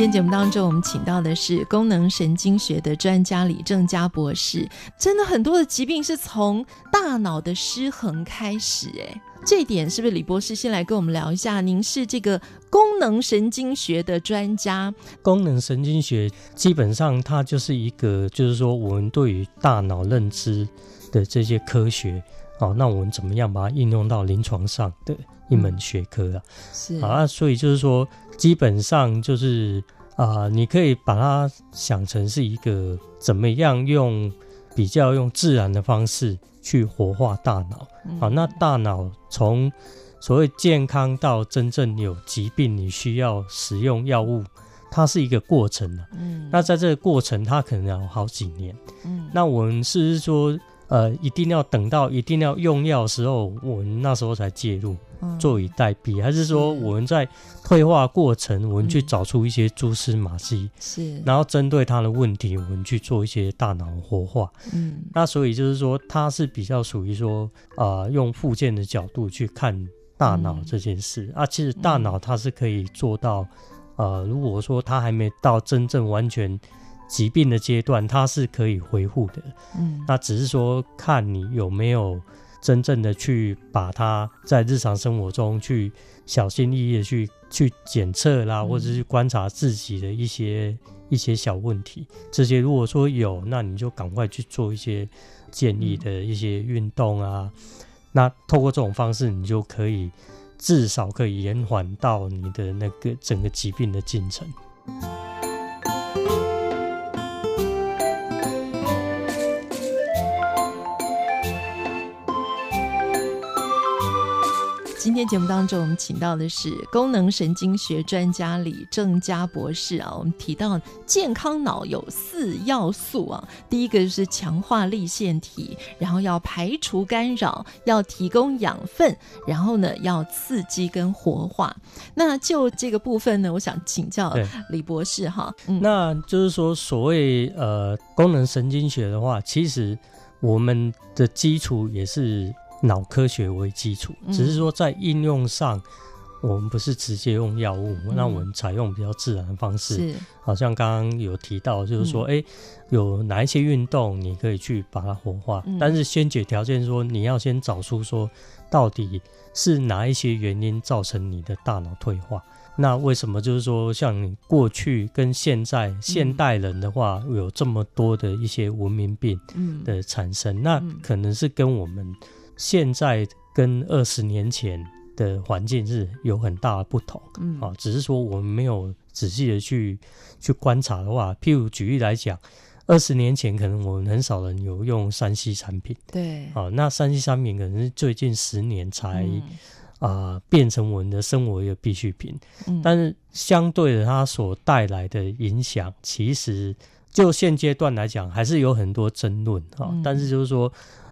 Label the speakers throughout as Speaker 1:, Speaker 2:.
Speaker 1: 今天節目當中，我們請到的是功能神經學的專家李正嘉博士。真的，很多的疾病是從大腦的失衡開始，哎，這一點是不是？李博士先來跟我們聊一下。您是這個功能神經學的專家。
Speaker 2: 功能神經學基本上它就是一個，就是說我們對於大腦認知的這些科學。哦，那我們怎麼樣把它應用到臨床上的一門學科啊？是啊，所以就是說，基本上就是啊、呃，你可以把它想成是一個怎麼樣用比較用自然的方式去活化大腦、嗯。好，那大腦從所謂健康到真正有疾病，你需要使用藥物，它是一個過程的、啊。嗯，那在這個過程，它可能要好幾年。嗯，那我們是說。呃，一定要等到一定要用藥的時候，我們那時候才介入，啊、坐以待斃，還是說是我們在退化過程，我們去找出一些蛛絲馬跡、嗯，是，然後針對他的問題，我們去做一些大腦活化。嗯，那所以就是說，它是比較屬於說，啊、呃，用復健的角度去看大腦這件事、嗯、啊，其實大腦它是可以做到，呃，如果說它還沒到真正完全。疾病的階段，它是可以恢復的，嗯，那只是說看你有沒有真正的去把它在日常生活中去小心翼翼的去去檢測啦，嗯、或者是觀察自己的一些一些小問題，這些如果說有，那你就趕快去做一些建議的一些運動啊，那透過這種方式，你就可以至少可以延緩到你的那個整個疾病的進程。
Speaker 1: 今天節目當中，我們請到的是功能神經學專家李正佳博士啊。我們提到健康腦有四要素啊，第一個就是強化粒線體，然後要排除干擾，要提供養分，然後呢要刺激跟活化。那就這個部分呢，我想請教李博士哈。
Speaker 2: 那就是說，所謂呃功能神經學的話，其實我們的基礎也是。腦科學為基礎，只是說在應用上，嗯、我們不是直接用藥物，嗯，那我們採用比較自然的方式。是，好像剛剛有提到，就是說，哎、嗯欸，有哪一些運動你可以去把它活化？嗯、但是先解條件說，說你要先找出說到底是哪一些原因造成你的大腦退化？那為什麼就是說像你過去跟現在現代人的話，嗯，有這麼多的一些文明病的產生？嗯、那可能是跟我們。現在跟二十年前的環境是有很大的不同，嗯啊，只是說我們沒有仔細的去去觀察的話，譬如舉例來講，二十年前可能我們很少人有用三 C 產品，
Speaker 1: 對，
Speaker 2: 啊、哦，那三 C 產品可能是最近十年才啊、嗯呃、變成我們的生活一個必需品，嗯，但是相對的它所帶來的影響，其實就現階段來講還是有很多爭論啊、哦嗯，但是就是說。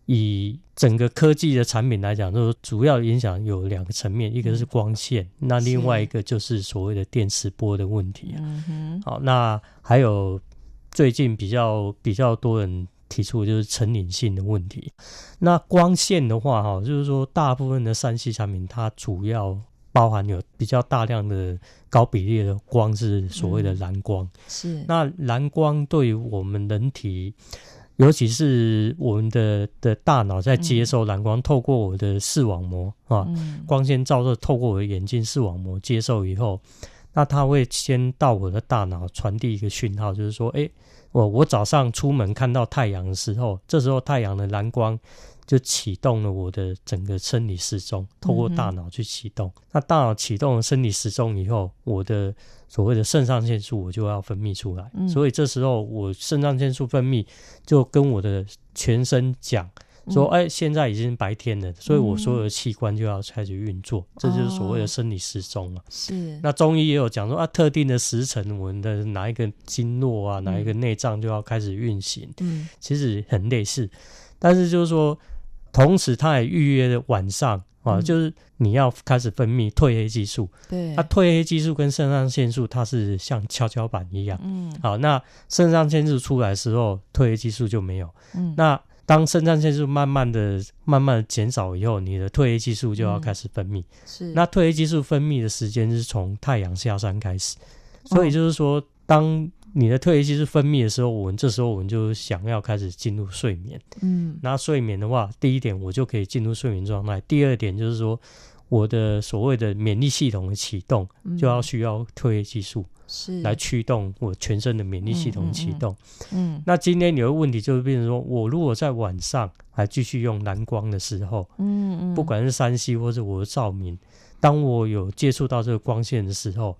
Speaker 2: 以整個科技的產品來講，就是主要影響有兩個層面，嗯、一個是光線是，那另外一個就是所謂的電磁波的問題。嗯、哼好，那還有最近比較比較多人提出的就是成癮性的問題。那光線的話、哦，哈，就是說大部分的 3C 產品，它主要包含有比較大量的高比例的光，是所謂的藍光。嗯、是，那藍光對於我們人體。尤其是我們的的大腦在接收藍光，嗯，透過我的視網膜啊，嗯、光線照射透過我的眼睛視網膜接受以後，那它會先到我的大腦傳遞一個訊號，就是說，欸、我我早上出門看到太陽的時候，這時候太陽的藍光就啟動了我的整個生理時鐘，透過大腦去啟動，嗯。那大腦啟動了生理時鐘以後，我的。所謂的腎上腺素，我就要分泌出來，嗯、所以這時候我腎上腺素分泌就跟我的全身講說：“哎、嗯欸，現在已經白天了、嗯，所以我所有的器官就要開始運作。嗯”這就是所謂的生理時鐘了。是。那中醫也有講說啊，特定的時辰，我們的哪一個經絡啊、嗯，哪一個內臟就要開始運行。嗯。其實很類似，但是就是說，同時它也預約了晚上。哦、啊，就是你要開始分泌褪黑激素，對、嗯，它褪黑激素跟腎上腺素它是像蹺蹺板一樣，嗯，好，那腎上腺素出來的時候，褪黑激素就沒有，嗯，那當腎上腺素慢慢的、慢慢的減少以後，你的褪黑激素就要開始分泌，嗯、是，那褪黑激素分泌的時間是從太陽下山開始，所以就是說當。你的褪黑激素分泌的時候，我們這時候我們就想要開始進入睡眠。嗯，那睡眠的話，第一點我就可以進入睡眠狀態；第二點就是說，我的所謂的免疫系統的啟動就要需要褪黑激素來驅動我全身的免疫系統啟動嗯嗯嗯。嗯，那今天你的問題就是變成說，我如果在晚上還繼續用藍光的時候，嗯嗯，不管是 3C 或者我的照明，當我有接觸到這個光線的時候，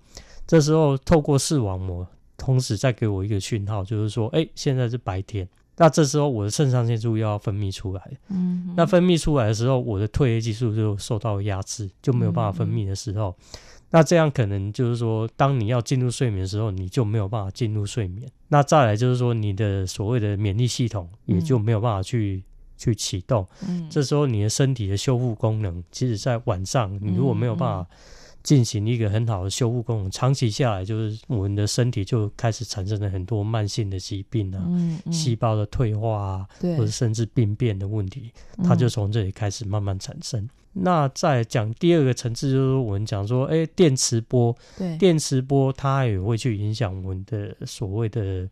Speaker 2: 這時候透過視網膜。同時再給我一個訊號，就是說，哎、欸，現在是白天，那這時候我的腎上腺素又要分泌出來，嗯，嗯，那分泌出來的時候，我的褪黑激素就受到壓制，就沒有辦法分泌的時候，嗯嗯，那這樣可能就是說，當你要進入睡眠的時候，你就沒有辦法進入睡眠。那再來就是說，你的所謂的免疫系統也就沒有辦法去嗯嗯去啟動，嗯，這時候你的身體的修復功能，其實在晚上，你如果沒有辦法。嗯嗯進行一個很好的修復功能，長期下來就是我們的身體就開始產生了很多慢性的疾病啊，細、嗯嗯、胞的退化啊對，或者甚至病變的問題，它就從這裡開始慢慢產生。嗯、那在講第二個層次，就是我們講說，哎、欸，電磁波，對，電磁波它也會去影響我們的所謂的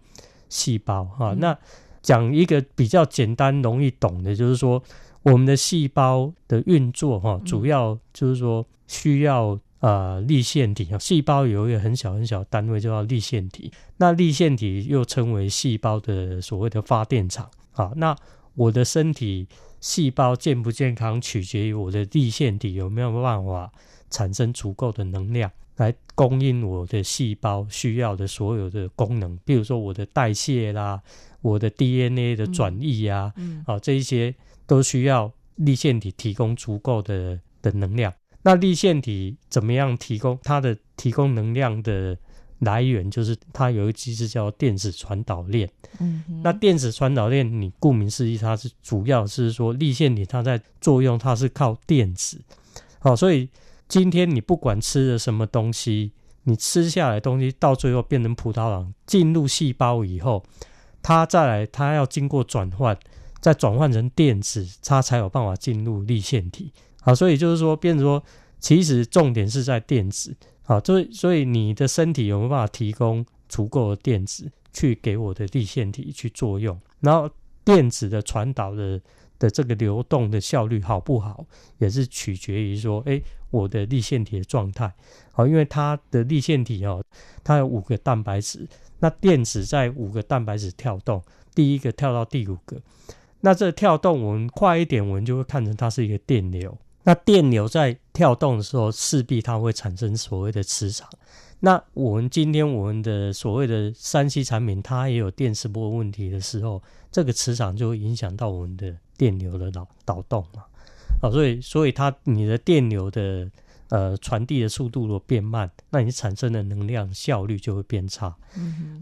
Speaker 2: 細胞哈。嗯、那講一個比較簡單容易懂的，就是說我們的細胞的運作哈，主要就是說需要。啊、呃，粒線體，細胞有一個很小很小的單位，叫粒線體。那粒線體又稱為細胞的所謂的發電廠啊。那我的身體細胞健不健康，取決於我的粒線體有沒有辦法產生足夠的能量來供應我的細胞需要的所有的功能，比如說我的代謝啦，我的 DNA 的轉移啊、嗯嗯，啊，這一些都需要粒線體提供足夠的的能量。那粒線體怎麼樣提供它的提供能量的來源？就是它有一個機制叫做電子傳導鏈。嗯，那電子傳導鏈，你顧名思義，它是主要是說粒線體它在作用，它是靠電子。好，所以今天你不管吃了什麼東西，你吃下來東西到最後變成葡萄糖，進入細胞以後，它再來它要經過轉換，再轉換成電子，它才有辦法進入粒線體。好，所以就是說，變成說，其實重點是在電子。好，所以所以你的身體有沒有辦法提供足夠的電子去給我的粒線體去作用？然後電子的傳導的的這個流動的效率好不好，也是取決於說，哎、欸，我的粒線體的狀態。好，因為它的粒線體哦、喔，它有五個蛋白質，那電子在五個蛋白質跳動，第一個跳到第五個，那這跳動我們快一點，我們就會看成它是一個電流。那電流在跳動的時候，勢必它會產生所謂的磁場。那我們今天我們的所謂的三 C 產品，它也有電磁波問題的時候，這個磁場就會影響到我們的電流的導導動嘛。好，所以所以它你的電流的呃傳遞的速度若變慢，那你產生的能量效率就會變差。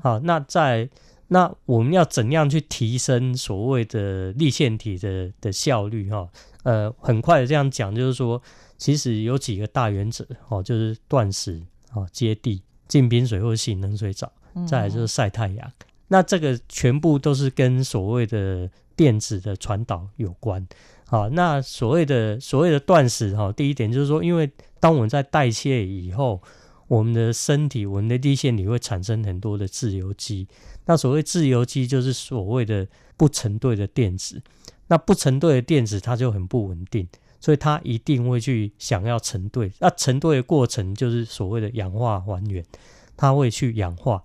Speaker 2: 好，那在。那我們要怎樣去提升所謂的粒線體的的效率哈、哦？呃，很快的這樣講，就是說，其實有幾個大原則哦，就是斷食啊、哦、接地、浸冰水或洗冷水澡，再來就是曬太陽、嗯。那這個全部都是跟所謂的電子的傳導有關、哦、那所謂的所謂的斷食哈、哦，第一點就是說，因為當我們在代謝以後，我們的身體、我們的粒線體會產生很多的自由基。那所謂自由基就是所謂的不成對的電子，那不成對的電子它就很不穩定，所以它一定會去想要成對。那成對的過程就是所謂的氧化還原，它會去氧化。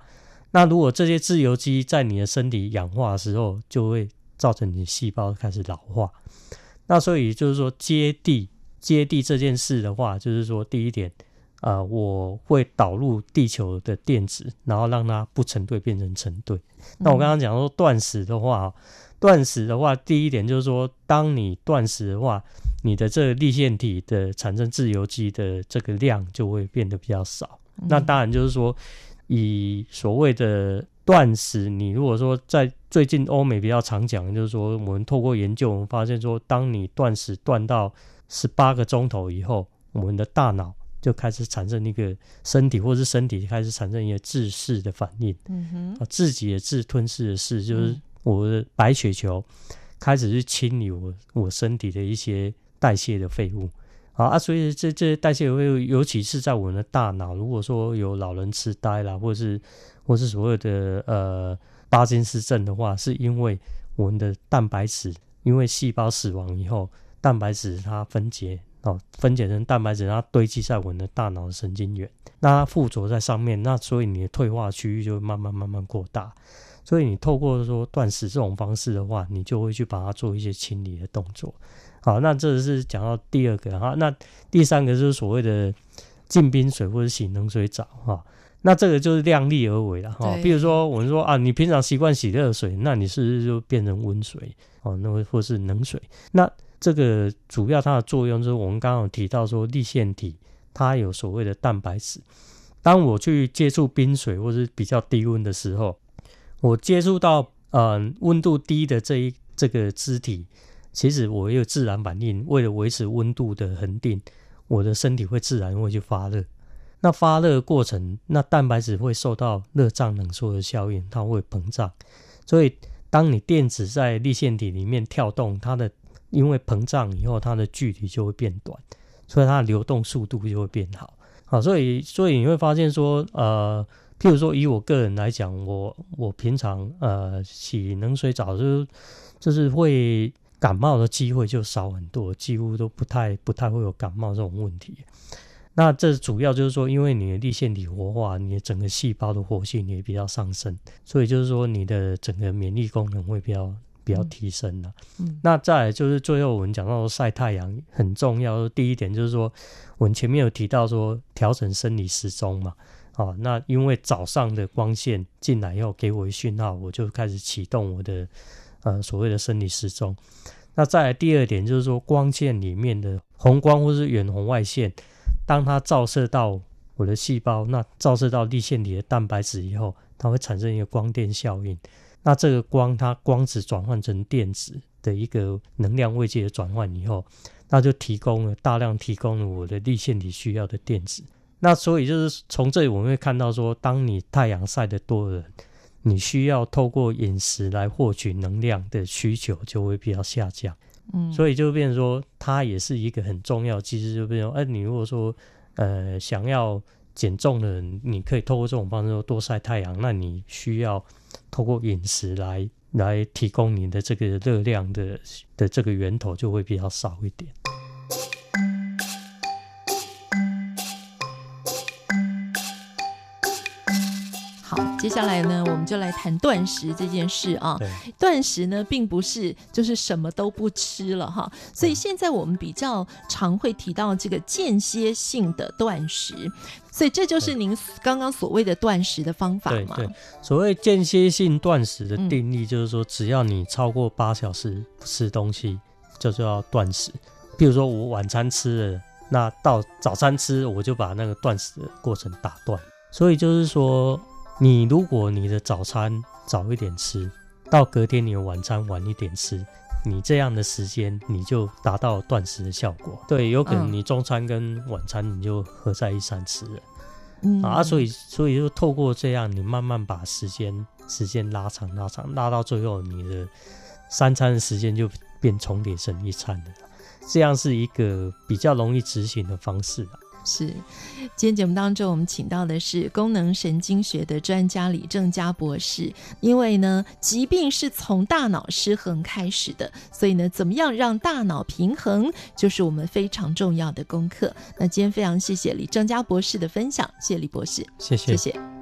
Speaker 2: 那如果這些自由基在你的身體氧化的時候，就會造成你細胞開始老化。那所以就是說接地，接地這件事的話，就是說第一點。呃，我會導入地球的電子，然後讓它不成對變成成對。嗯、那我剛剛講說斷食的話，斷食的話，第一點就是說，當你斷食的話，你的這個粒線體的產生自由基的這個量就會變得比較少。嗯、那當然就是說，以所謂的斷食，你如果說在最近歐美比較常講，就是說我們透過研究，我們發現說，當你斷食斷到十八個鐘頭以後，我們的大腦。就開始產生一個身體，或是身體開始產生一些自噬的反應，嗯、哼啊，自己的自吞噬的噬就是我的白血球開始去清理我我身體的一些代謝的廢物，啊啊，所以這這些代謝廢物，尤其是在我們的大腦，如果說有老人痴呆啦，或是或是所謂的呃巴金斯症的話，是因為我們的蛋白質，因為細胞死亡以後，蛋白質它分解。哦、分解成蛋白質，然後它堆積在我們的大腦神經元，那它附着在上面，那所以你的退化區域就會慢慢慢慢擴大。所以你透過說斷食這種方式的話，你就會去把它做一些清理的動作。好，那這是講到第二個哈、啊，那第三個就是所謂的浸冰水或者洗冷水澡哈、啊，那這個就是量力而為了哈、啊。比如說我們說啊，你平常習慣洗熱水，那你是不是就變成溫水哦、啊？那或是冷水？那這個主要它的作用就是，我們剛剛有提到說，粒線體它有所謂的蛋白質。當我去接觸冰水或是比較低溫的時候，我接觸到嗯、呃、溫度低的這一這個肢體，其實我有自然反應，為了維持溫度的恆定，我的身體會自然會去發熱。那發熱過程，那蛋白質會受到熱脹冷縮的效應，它會膨脹。所以，當你電子在粒線體裡面跳動，它的因為膨脹以後，它的距離就會變短，所以它的流動速度就會變好。好，所以所以你會發現說，呃，譬如說以我個人來講，我我平常呃洗冷水澡就是、就是會感冒的機會就少很多，幾乎都不太不太會有感冒這種問題。那這主要就是說，因為你的粒線體活化，你的整個細胞的活性也比較上升，所以就是說你的整個免疫功能會比較。要提升了，嗯，那再來就是最後我們講到曬太陽很重要。第一點就是說，我們前面有提到說調整生理時鐘嘛，啊、哦，那因為早上的光線進來以後給我一訊號，我就開始啟動我的呃所謂的生理時鐘。那再來第二點就是說，光線裡面的紅光或是遠紅外線，當它照射到我的細胞，那照射到粒線體的蛋白質以後，它會產生一個光電效應。那這個光，它光子轉換成電子的一個能量位階的轉換以後，那就提供了大量提供了我的粒線體需要的電子。那所以就是從這裡我們會看到說，當你太陽曬得多了，你需要透過飲食來獲取能量的需求就會比較下降。嗯，所以就變成說，它也是一個很重要。其實就變成說，哎、呃，你如果說呃想要。減重的人，你可以透過這種方式多曬太陽，那你需要透過飲食來來提供你的這個熱量的的這個源頭，就會比較少一點。
Speaker 1: 接下來呢，我們就來談斷食這件事啊。對，斷食呢，並不是就是什麼都不吃了哈，所以現在我們比較常會提到這個間歇性的斷食，所以這就是您剛剛所謂的斷食的方法嘛。
Speaker 2: 對，對，所謂間歇性斷食的定義就是說，只要你超過八小時不吃東西，嗯，就叫斷食。比如說我晚餐吃了，那到早餐吃，我就把那個斷食的過程打斷。所以就是說。嗯你如果你的早餐早一點吃到隔天，你的晚餐晚一點吃，你這樣的時間，你就達到斷食的效果。對，有可能你中餐跟晚餐你就合在一餐吃了、嗯，啊，所以所以就透過這樣，你慢慢把時間時間拉長拉長，拉到最後，你的三餐的時間就變重疊成一餐了，這樣是一個比較容易執行的方式。
Speaker 1: 是，今天節目當中我們請到的是功能神經學的專家李正佳博士。因為呢，疾病是從大腦失衡開始的，所以呢，怎麼樣讓大腦平衡，就是我們非常重要的功課。那今天非常謝謝李正佳博士的分享，謝謝李博士，謝謝謝謝。